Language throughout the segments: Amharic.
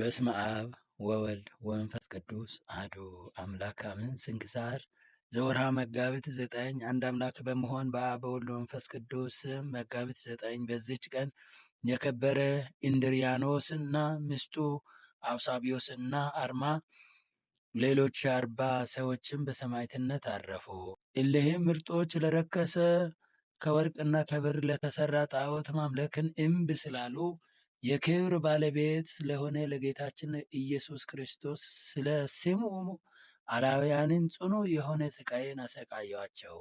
በስመ አብ ወወልድ ወመንፈስ ቅዱስ አሐዱ አምላክ አሜን። ስንክሳር ዘወርሃ መጋቢት ዘጠኝ አንድ አምላክ በመሆን በአብ በወልድ በመንፈስ ቅዱስ መጋቢት ዘጠኝ በዚች ቀን የከበረ ኢንድሪያኖስ እና ሚስቱ አውሳቢዮስ እና አርማ ሌሎች አርባ ሰዎችም በሰማዕትነት አረፉ። እሊህም ምርጦች ለረከሰ ከወርቅና ከብር ለተሰራ ጣዖት ማምለክን እምብ ስላሉ የክብር ባለቤት ለሆነ ለጌታችን ኢየሱስ ክርስቶስ ስለ ስሙ አላውያንን ጽኑ የሆነ ስቃይን አሰቃየዋቸው።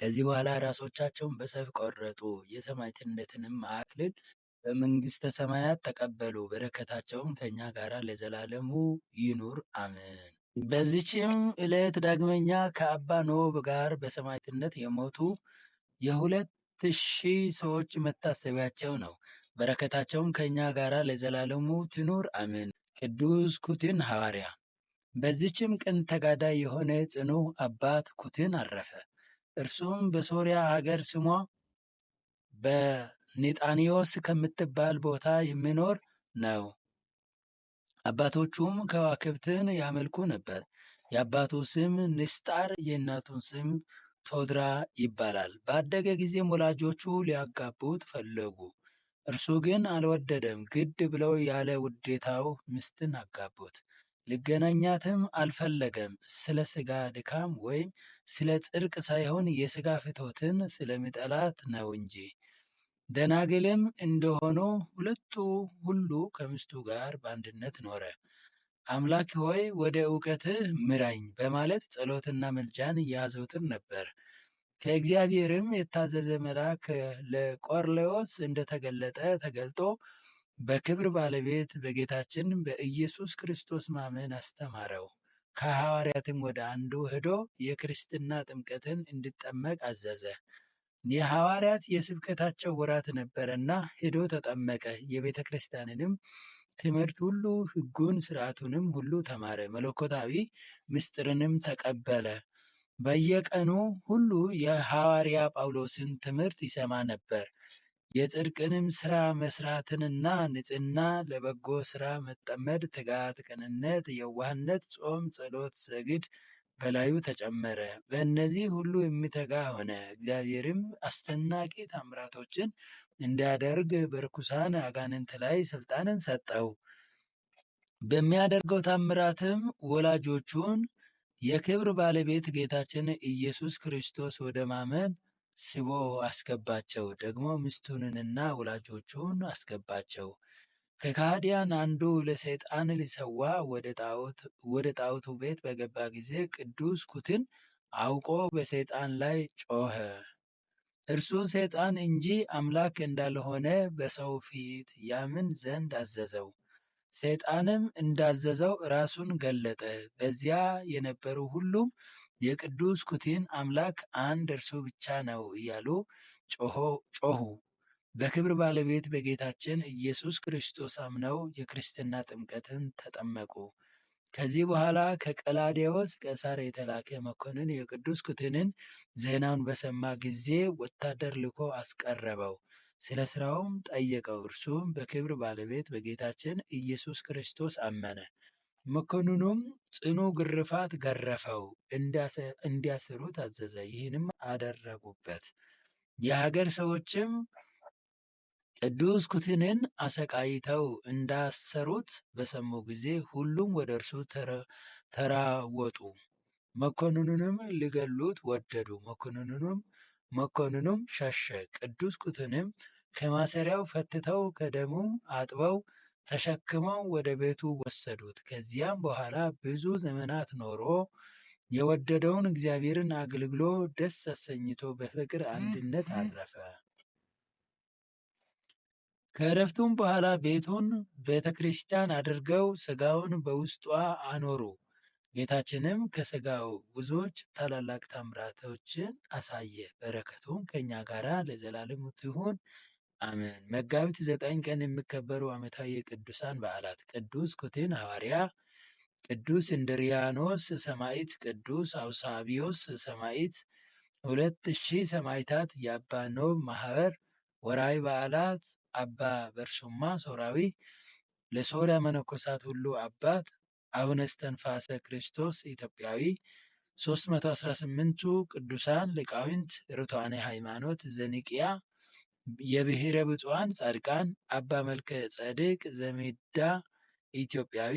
ከዚህ በኋላ ራሶቻቸውን በሰይፍ ቆረጡ። የሰማዕትነትንም አክሊል በመንግሥተ ሰማያት ተቀበሉ። በረከታቸውም ከእኛ ጋር ለዘላለሙ ይኑር አምን። በዚችም ዕለት ዳግመኛ ከአባ ኖብ ጋር በሰማዕትነት የሞቱ የሁለት ሺህ ሰዎች መታሰቢያቸው ነው። በረከታቸውም ከእኛ ጋር ለዘላለሙ ትኑር አሜን። ቅዱስ ኩትን ሐዋርያ። በዚችም ቀን ተጋዳይ የሆነ ጽኑ አባት ኩትን አረፈ። እርሱም በሶሪያ ሀገር ስሟ በኔጣኒዮስ ከምትባል ቦታ የሚኖር ነው። አባቶቹም ከዋክብትን ያመልኩ ነበር። የአባቱ ስም ንስጣር፣ የእናቱን ስም ቶድራ ይባላል። ባደገ ጊዜም ወላጆቹ ሊያጋቡት ፈለጉ። እርሱ ግን አልወደደም፤ ግድ ብለው ያለ ውዴታው ሚስትን አጋቡት። ልገናኛትም አልፈለገም፤ ስለ ስጋ ድካም ወይም ስለ ጽድቅ ሳይሆን የስጋ ፍቶትን ስለሚጠላት ነው እንጂ። ደናግልም እንደሆኑ ሁለቱ ሁሉ ከሚስቱ ጋር በአንድነት ኖረ። አምላክ ሆይ ወደ እውቀትህ ምራኝ በማለት ጸሎትና ምልጃን ያዘወትር ነበር። ከእግዚአብሔርም የታዘዘ መልአክ ለቆርሌዎስ እንደተገለጠ ተገልጦ በክብር ባለቤት በጌታችን በኢየሱስ ክርስቶስ ማመን አስተማረው። ከሐዋርያትም ወደ አንዱ ሄዶ የክርስትና ጥምቀትን እንዲጠመቅ አዘዘ። የሐዋርያት የስብከታቸው ወራት ነበረና ሄዶ ተጠመቀ። የቤተ ክርስቲያንንም ትምህርት ሁሉ ሕጉን ስርዓቱንም ሁሉ ተማረ። መለኮታዊ ምስጢርንም ተቀበለ። በየቀኑ ሁሉ የሐዋርያ ጳውሎስን ትምህርት ይሰማ ነበር። የጽድቅንም ሥራ መሥራትንና ንጽህና ለበጎ ሥራ መጠመድ፣ ትጋት፣ ቅንነት፣ የዋህነት፣ ጾም፣ ጸሎት፣ ሰግድ በላዩ ተጨመረ። በእነዚህ ሁሉ የሚተጋ ሆነ። እግዚአብሔርም አስደናቂ ታምራቶችን እንዲያደርግ በርኩሳን አጋንንት ላይ ሥልጣንን ሰጠው። በሚያደርገው ታምራትም ወላጆቹን የክብር ባለቤት ጌታችን ኢየሱስ ክርስቶስ ወደ ማመን ስቦ አስገባቸው። ደግሞ ሚስቱንና ወላጆቹን አስገባቸው። ከካህዲያን አንዱ ለሰይጣን ሊሰዋ ወደ ጣዖቱ ቤት በገባ ጊዜ ቅዱስ ኩትን አውቆ በሰይጣን ላይ ጮኸ። እርሱ ሰይጣን እንጂ አምላክ እንዳልሆነ በሰው ፊት ያምን ዘንድ አዘዘው። ሰይጣንም እንዳዘዘው ራሱን ገለጠ። በዚያ የነበሩ ሁሉም የቅዱስ ኩቲን አምላክ አንድ እርሱ ብቻ ነው እያሉ ጮሁ። በክብር ባለቤት በጌታችን ኢየሱስ ክርስቶስ አምነው የክርስትና ጥምቀትን ተጠመቁ። ከዚህ በኋላ ከቀላዲዎስ ቀሳር የተላከ መኮንን የቅዱስ ኩቲንን ዜናውን በሰማ ጊዜ ወታደር ልኮ አስቀረበው። ስለ ስራውም ጠየቀው። እርሱም በክብር ባለቤት በጌታችን ኢየሱስ ክርስቶስ አመነ። መኮንኑም ጽኑ ግርፋት ገረፈው፣ እንዲያስሩት አዘዘ። ይህንም አደረጉበት። የሀገር ሰዎችም ቅዱስ ኩትንን አሰቃይተው እንዳሰሩት በሰሙ ጊዜ ሁሉም ወደ እርሱ ተራወጡ። መኮንኑንም ሊገሉት ወደዱ። መኮንኑንም መኮንኑም ሸሸ። ቅዱስ ቁትንም ከማሰሪያው ፈትተው ከደሙም አጥበው ተሸክመው ወደ ቤቱ ወሰዱት። ከዚያም በኋላ ብዙ ዘመናት ኖሮ የወደደውን እግዚአብሔርን አገልግሎ ደስ አሰኝቶ በፍቅር አንድነት አረፈ። ከእረፍቱም በኋላ ቤቱን ቤተክርስቲያን አድርገው ስጋውን በውስጧ አኖሩ። ጌታችንም ከስጋው ብዙዎች ታላላቅ ታምራቶችን አሳየ። በረከቱም ከእኛ ጋራ ለዘላለሙ ትሁን አሜን። መጋቢት ዘጠኝ ቀን የሚከበሩ ዓመታዊ የቅዱሳን በዓላት ቅዱስ ኩትን ሐዋርያ፣ ቅዱስ እንድሪያኖስ ሰማዕት፣ ቅዱስ አውሳቢዮስ ሰማዕት። ሁለት ሺህ ሰማዕታት የአባ ኖብ ማህበር ወራዊ በዓላት አባ በርሱማ ሶራዊ ለሶሪያ መነኮሳት ሁሉ አባት አቡነ እስትንፋሰ ክርስቶስ ኢትዮጵያዊ 318ቱ ቅዱሳን ሊቃውንት ርቱዓነ ሃይማኖት ዘኒቅያ የብሔረ ብፁዓን ጻድቃን አባ መልከ ጸድቅ ዘሜዳ ኢትዮጵያዊ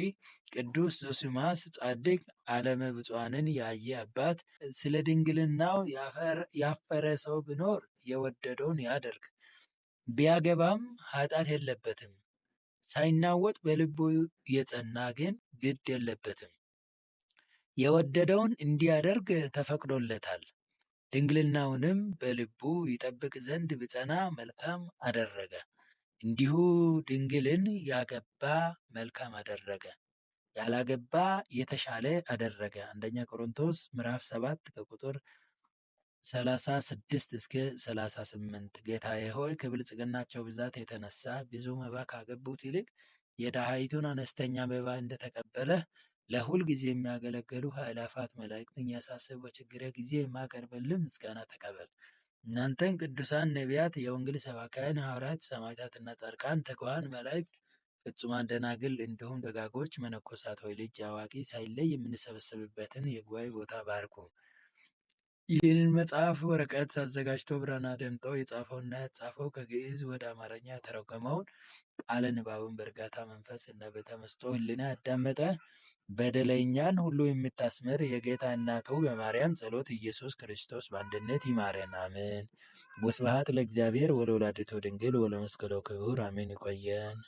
ቅዱስ ዞሲማስ ጻድቅ ዓለመ ብፁዓንን ያየ አባት። ስለ ድንግልናው ያፈረ ሰው ቢኖር የወደደውን ያደርግ፣ ቢያገባም ኃጢአት የለበትም። ሳይናወጥ በልቡ የጸና ግን ግድ የለበትም። የወደደውን እንዲያደርግ ተፈቅዶለታል። ድንግልናውንም በልቡ ይጠብቅ ዘንድ ብጸና መልካም አደረገ። እንዲሁ ድንግልን ያገባ መልካም አደረገ፣ ያላገባ የተሻለ አደረገ። አንደኛ ቆሮንቶስ ምዕራፍ 7 ከቁጥር 36 እስከ 38 ስምንት ጌታዬ ሆይ ከብልጽግናቸው ብዛት የተነሳ ብዙ መባ ካገቡት ይልቅ የድሃይቱን አነስተኛ መባ እንደተቀበለ ለሁል ጊዜ የሚያገለግሉ ኃይላፋት መላእክትን ያሳስብ በችግረ ጊዜ የማቀርብልን ምስጋና ተቀበል። እናንተን ቅዱሳን ነቢያት፣ የወንጌል ሰባካያን ሐዋርያት፣ ሰማዕታትና ጻድቃን፣ ትጉሃን መላእክት፣ ፍጹማን ደናግል፣ እንዲሁም ደጋጎች መነኮሳት ወይ ልጅ አዋቂ ሳይለይ የምንሰበሰብበትን የጉባኤ ቦታ ባርኩ። ይህንን መጽሐፍ ወረቀት አዘጋጅቶ ብራና ደምጠው የጻፈውና ያጻፈው ከግዕዝ ወደ አማርኛ የተረጎመውን ቃለ ንባቡን በእርጋታ መንፈስ እና በተመስጦ ህልና ያዳመጠ በደለኛን ሁሉ የምታስምር የጌታ እናቱ በማርያም ጸሎት ኢየሱስ ክርስቶስ በአንድነት ይማረን፣ አሜን። ወስብሐት ለእግዚአብሔር ወለወላዲቱ ድንግል ወለመስቀሉ ክቡር፣ አሜን። ይቆየን።